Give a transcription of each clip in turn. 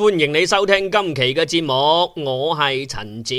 歡迎你收聽今期嘅節目，我係陳子。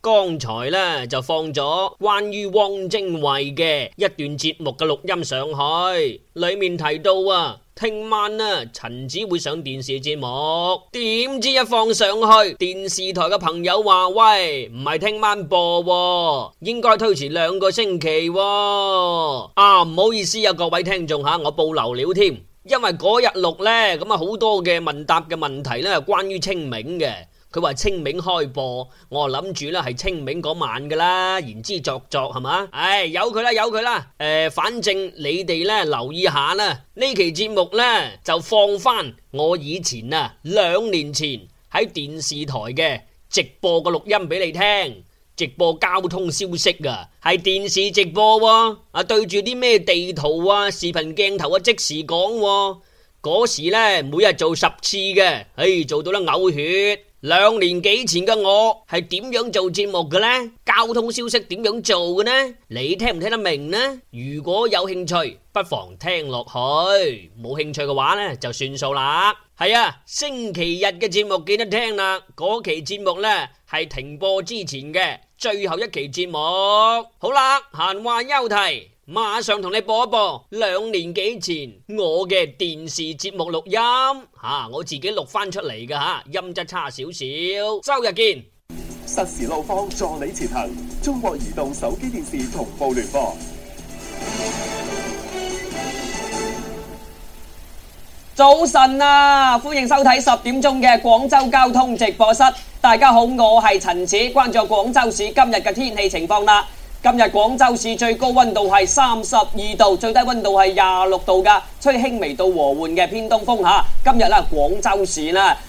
剛才呢就放咗關於汪精衛嘅一段節目嘅錄音上去，裏面提到啊，聽晚呢，陳子會上電視節目，點知一放上去，電視台嘅朋友話：喂，唔係聽晚播喎，應該推遲兩個星期啊。啊，唔好意思啊，各位聽眾吓，我報流料添。因為嗰日錄呢，咁啊好多嘅問答嘅問題呢，係關於清明嘅。佢話清明開播，我就諗住呢係清明嗰晚噶啦，言之鑿鑿係嘛？唉、哎，由佢啦，由佢啦。誒、呃，反正你哋呢留意下啦，呢期節目呢，就放翻我以前啊兩年前喺電視台嘅直播個錄音俾你聽。直播交通消息啊，係電視直播喎，啊對住啲咩地圖啊，視頻鏡頭啊即時講，嗰時呢每日做十次嘅，唉做到得嘔血。兩年幾前嘅我係點樣做節目嘅呢？交通消息點樣做嘅呢？你聽唔聽得明呢？如果有興趣，不妨聽落去；冇興趣嘅話呢，就算數啦。係啊，星期日嘅節目記得聽啦。嗰期節目呢係停播之前嘅。最後一期節目，好啦，閒話休提，馬上同你播一播。兩年幾前我嘅電視節目錄音，吓、啊、我自己錄翻出嚟㗎吓，音質差少少。周日見，實時路況助你前行，中國移動手機電視同步聯播。早晨啊，歡迎收睇十點鐘嘅廣州交通直播室。大家好，我係陳子，關注廣州市今日嘅天氣情況啦。今日廣州市最高温度係三十二度，最低温度係廿六度噶，吹輕微到和緩嘅偏東風吓。今日咧，廣州市啦。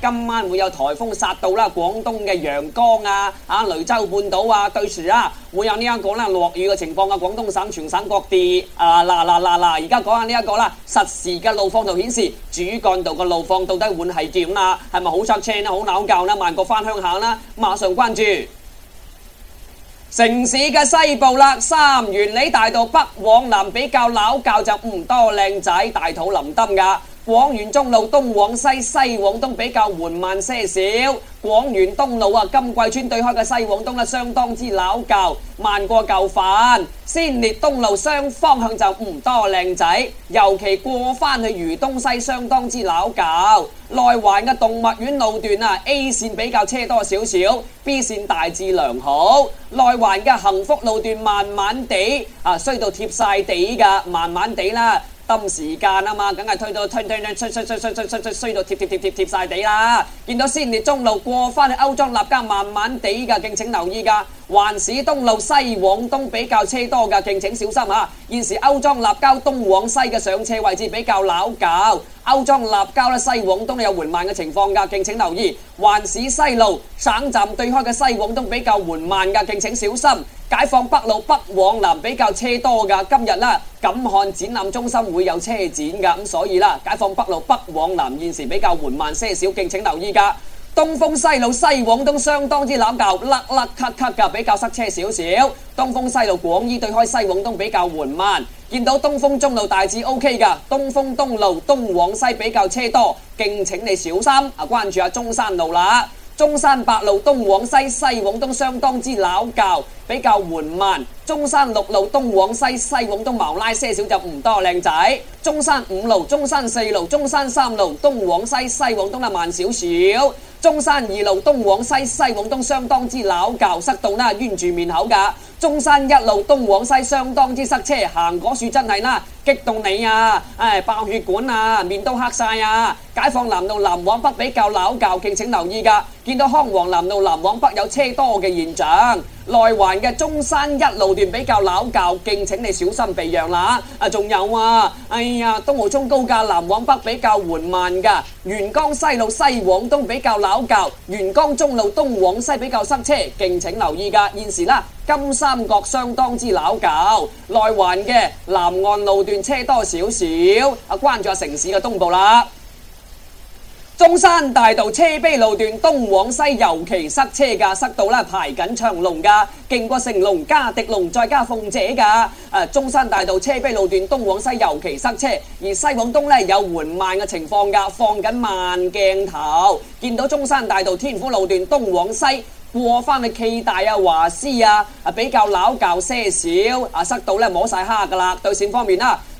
今晚會有台風殺到啦，廣東嘅陽江啊、啊雷州半島啊，對住啊會有呢一個啦落雨嘅情況啊！廣東省全省各地啊啦啦啦啦，而家講下呢一個啦，實時嘅路況就顯示主幹道嘅路況到底會係點啊？係咪好塞車咧？好鬧交咧？慢過翻鄉下啦？馬上關注。城市嘅西部啦，三元里大道北往南比較鬧交，就唔多靚仔，大肚林蔭噶。廣園中路東往西、西往東比較緩慢些少。廣園東路啊，金桂村對開嘅西往東呢，相當之老舊，慢過舊飯。先烈東路雙方向就唔多靚仔，尤其過返去魚東西相當之老舊。內環嘅動物園路段啊，A 線比較車多少少，B 線大致良好。內環嘅幸福路段慢慢地啊，衰到貼曬地噶，慢慢地啦。啊抌時間啊嘛，梗係推到推推推推推推推推到貼貼貼貼貼曬地啦！見到先烈中路過翻去歐莊立交，慢慢地㗎，敬請留意㗎。環市東路西往東比較車多㗎，敬請小心嚇。現時歐莊立交東往西嘅上車位置比較攪搞，歐莊立交咧西往東有緩慢嘅情況㗎，敬請留意。環市西路省站對開嘅西往東比較緩慢㗎，敬請小心。jo f wurde incorpor ation 解放北路北往南比較車多噶，今日呢，錦漢展覽中心會有車展噶，咁、嗯、所以啦，解放北路北往南現時比較緩慢些少，敬請留意噶。東風西路西往東相當之老舊，甩甩咳咳噶，比較塞車少少。東風西路廣醫對開西往東比較緩慢，見到東風中路大致 OK 噶，東風東路東往西比較車多，敬請你小心啊！關注下中山路啦，中山八路東往西、西往東相當之老舊。比較緩慢，中山六路東往西、西往東茅拉些少就唔多靚仔。中山五路、中山四路、中山三路東往西、西往東啦慢少少。中山二路東往西、西往東相當之老舊，塞到啦，冤住面口噶。中山一路東往西相當之塞車，行嗰樹真係啦，激到你啊，唉爆血管啊，面都黑晒啊！解放南路南往北比較老舊，敬請留意噶，見到康王南路南往北有車多嘅現象。內環嘅中山一路段比較拗舊，敬請你小心避讓啦。啊，仲有啊，哎呀，東濠涌高架南往北比較緩慢噶，沿江西路西往東比較拗舊，沿江中路東往西比較塞車，敬請留意噶。現時啦，金三角相當之拗舊，內環嘅南岸路段車多少少，啊，關注下城市嘅東部啦。中山大道車陂路段東往西尤其塞車噶塞到啦排緊長龍噶勁過成龍加迪龍再加鳳姐噶！誒、啊，中山大道車陂路段東往西尤其塞車，而西往東咧有緩慢嘅情況噶，放緊慢鏡頭。見到中山大道天府路段東往西過翻去暨大啊華師啊，啊比較拗較些少啊，塞到咧摸晒蝦噶啦，對線方面啦。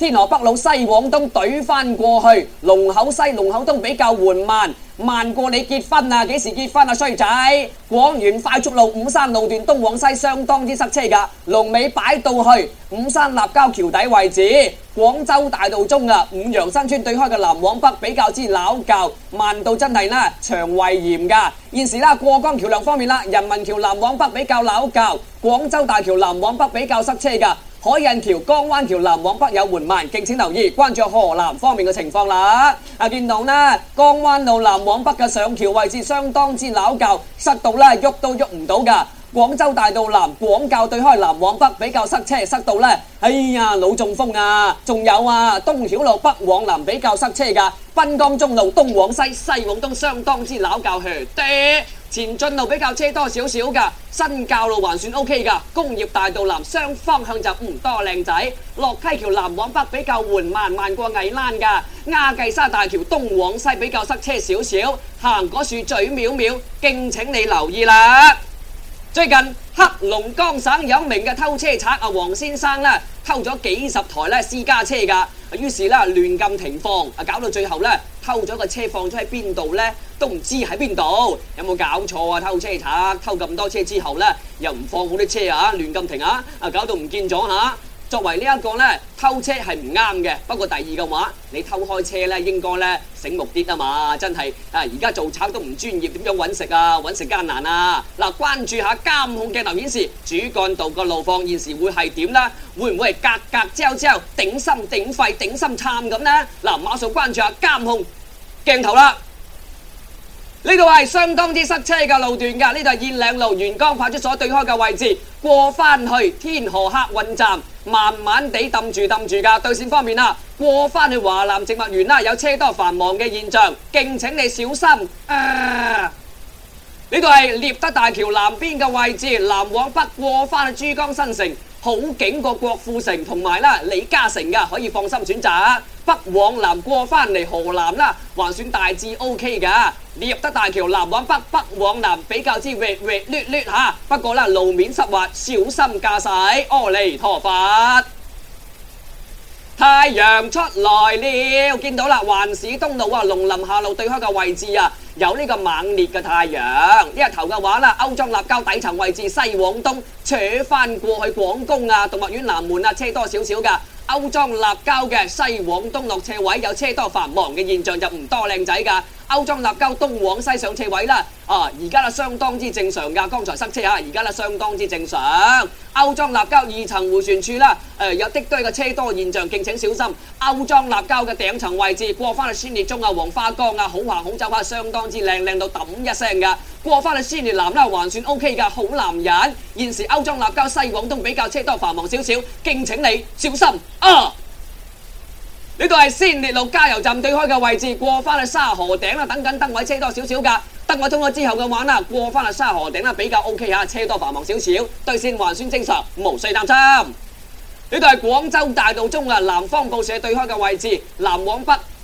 天河北路西往東懟翻過去，龍口西、龍口東比較緩慢，慢過你結婚啊！幾時結婚啊，衰仔！廣園快速路五山路段東往西相當之塞車噶，龍尾擺到去五山立交橋底位置。廣州大道中啊，五羊新村對開嘅南往北比較之老舊，慢到真係啦，腸胃炎噶。現時啦，過江橋樑方面啦，人民橋南往北比較老舊，廣州大橋南往北比較塞車噶。海印橋、江灣橋南往北有緩慢，敬請留意關注河南方面嘅情況啦。啊，見到呢江灣路南往北嘅上橋位置相當之老舊，塞到呢喐都喐唔到噶。廣州大道南廣教對開南往北比較塞車，塞到呢哎呀腦中風啊！仲有啊東曉路北往南比較塞車噶，濱江中路東往西、西往東相當之老舊，去的。前進路比較車多少少噶，新滘路還算 OK 噶，工業大道南雙方向就唔多靚仔，洛溪橋南往北比較緩慢，慢過蟻躝噶，鴉髻沙大橋東往西比較塞車少少，行嗰處最渺渺，敬請你留意啦。最近黑龍江省有名嘅偷車賊阿王先生咧，偷咗幾十台咧私家車噶，於是咧亂咁停放，啊搞到最後呢。偷咗個車放咗喺邊度咧，都唔知喺邊度。有冇搞錯啊？偷車賊偷咁多車之後呢，又唔放好啲車啊？亂咁停啊！得不啊，搞到唔見咗。作為這呢一個偷車係唔啱嘅，不過第二嘅話，你偷開車咧應該醒目啲啊嘛，真係啊，而家做賊都唔專業，點樣揾食啊，揾食艱難啊！嗱、啊，關注下監控鏡頭顯示，主幹道個路況現時會係點呢？會唔會係格格焦焦、頂心頂肺、頂心杉咁咧？嗱、啊，馬上關注下監控鏡頭啦！呢度係相當之塞車嘅路段噶，呢度係燕嶺路元江派出所對開嘅位置。過返去天河客運站，慢慢地揼住揼住噶，對線方面啦。過返去華南植物園啦，有車多繁忙嘅現象，敬請你小心啊！呢個係獵德大橋南邊嘅位置，南往北過去珠江新城，好景過郭富城同埋李嘉誠噶，可以放心選擇。北往南過翻嚟河南啦，還算大致 OK 噶。獵德大橋南往北，北往南比較之滑滑滑滑吓，不過啦路面濕滑，小心駕駛。阿彌陀佛。太陽出來了。見到啦環市東路啊，龍林下路對開嘅位置啊，有呢個猛烈嘅太陽。這的呢日頭嘅話啦，歐莊立交底層位置西往東扯翻過去廣東啊，動物園南門啊，車多少少噶。歐莊立交嘅西往東落車位有車多繁忙嘅現象，就唔多靚仔噶。歐莊立交東往西上車位啦，啊，而家啦相當之正常噶，剛才塞車吓，而家啦相當之正常。歐莊立交二層回旋處啦，誒，有積堆嘅車多現象，敬請小心。歐莊立交嘅頂層位置過翻去先烈中啊，黃花崗啊，好行好走啊，相當之靚靚到揼一聲噶。過翻去先烈南啦，還算 OK 噶，好男人。現時歐莊立交西往東比較車多繁忙少少，敬請你小心啊。呢度係先烈路加油站對開嘅位置，過返去沙河頂啦，等緊燈位車多少少㗎，燈位通過之後嘅話啦，過返去沙河頂啦比較 OK 下，車多繁忙少少，對線還算正常，無需擔心。呢度係廣州大道中啊，南方報社對開嘅位置，南往北。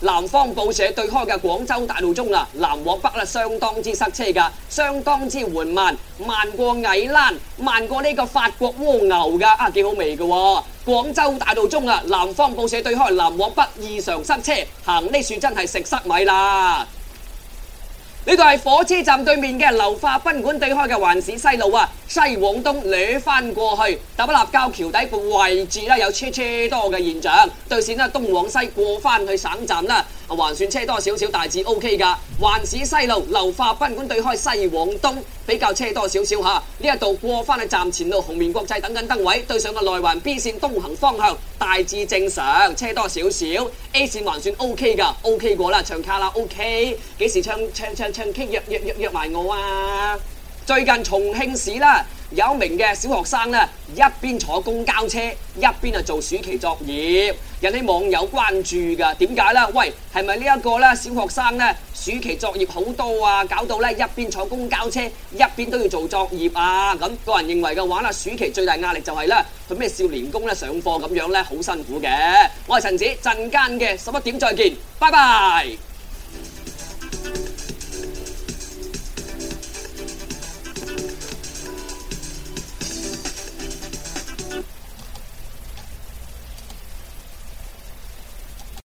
南方報社對開嘅廣州大道中啊，南往北咧、啊、相當之塞車噶，相當之緩慢，慢過矮欄，慢過呢個法國蝸牛噶，啊幾好味噶、啊！廣州大道中啊，南方報社對開，南往北異常塞車，行呢處真係食塞米啦。呢度係火車站對面嘅流化賓館對開嘅環市西路啊，西往東捋翻過去，大北立交橋底部位置啦，有車車多嘅現象。對線呢，東往西過翻去省站啦，還算車多少少，大致 OK 㗎。環市西路流化賓館對開，西往東。比較車多少少嚇，呢一度過返去站前路紅棉國際等緊燈位，對上個內環 B 線東行方向大致正常，車多少少，A 線還算 OK 㗎，OK 過啦、OK，唱卡拉 OK，幾時唱唱唱唱 K 約約約約埋我啊！最近重慶市啦。有名嘅小學生呢，一邊坐公交車，一邊啊做暑期作業，引起網友關注㗎。點解咧？喂，係咪呢一個咧小學生呢，暑期作業好多啊，搞到呢一邊坐公交車，一邊都要做作業啊？咁、嗯、個人認為嘅話呢，暑期最大壓力就係呢，佢咩少年宮咧上課咁樣呢，好辛苦嘅。我係陳子，陣間嘅十一點，再見，拜拜。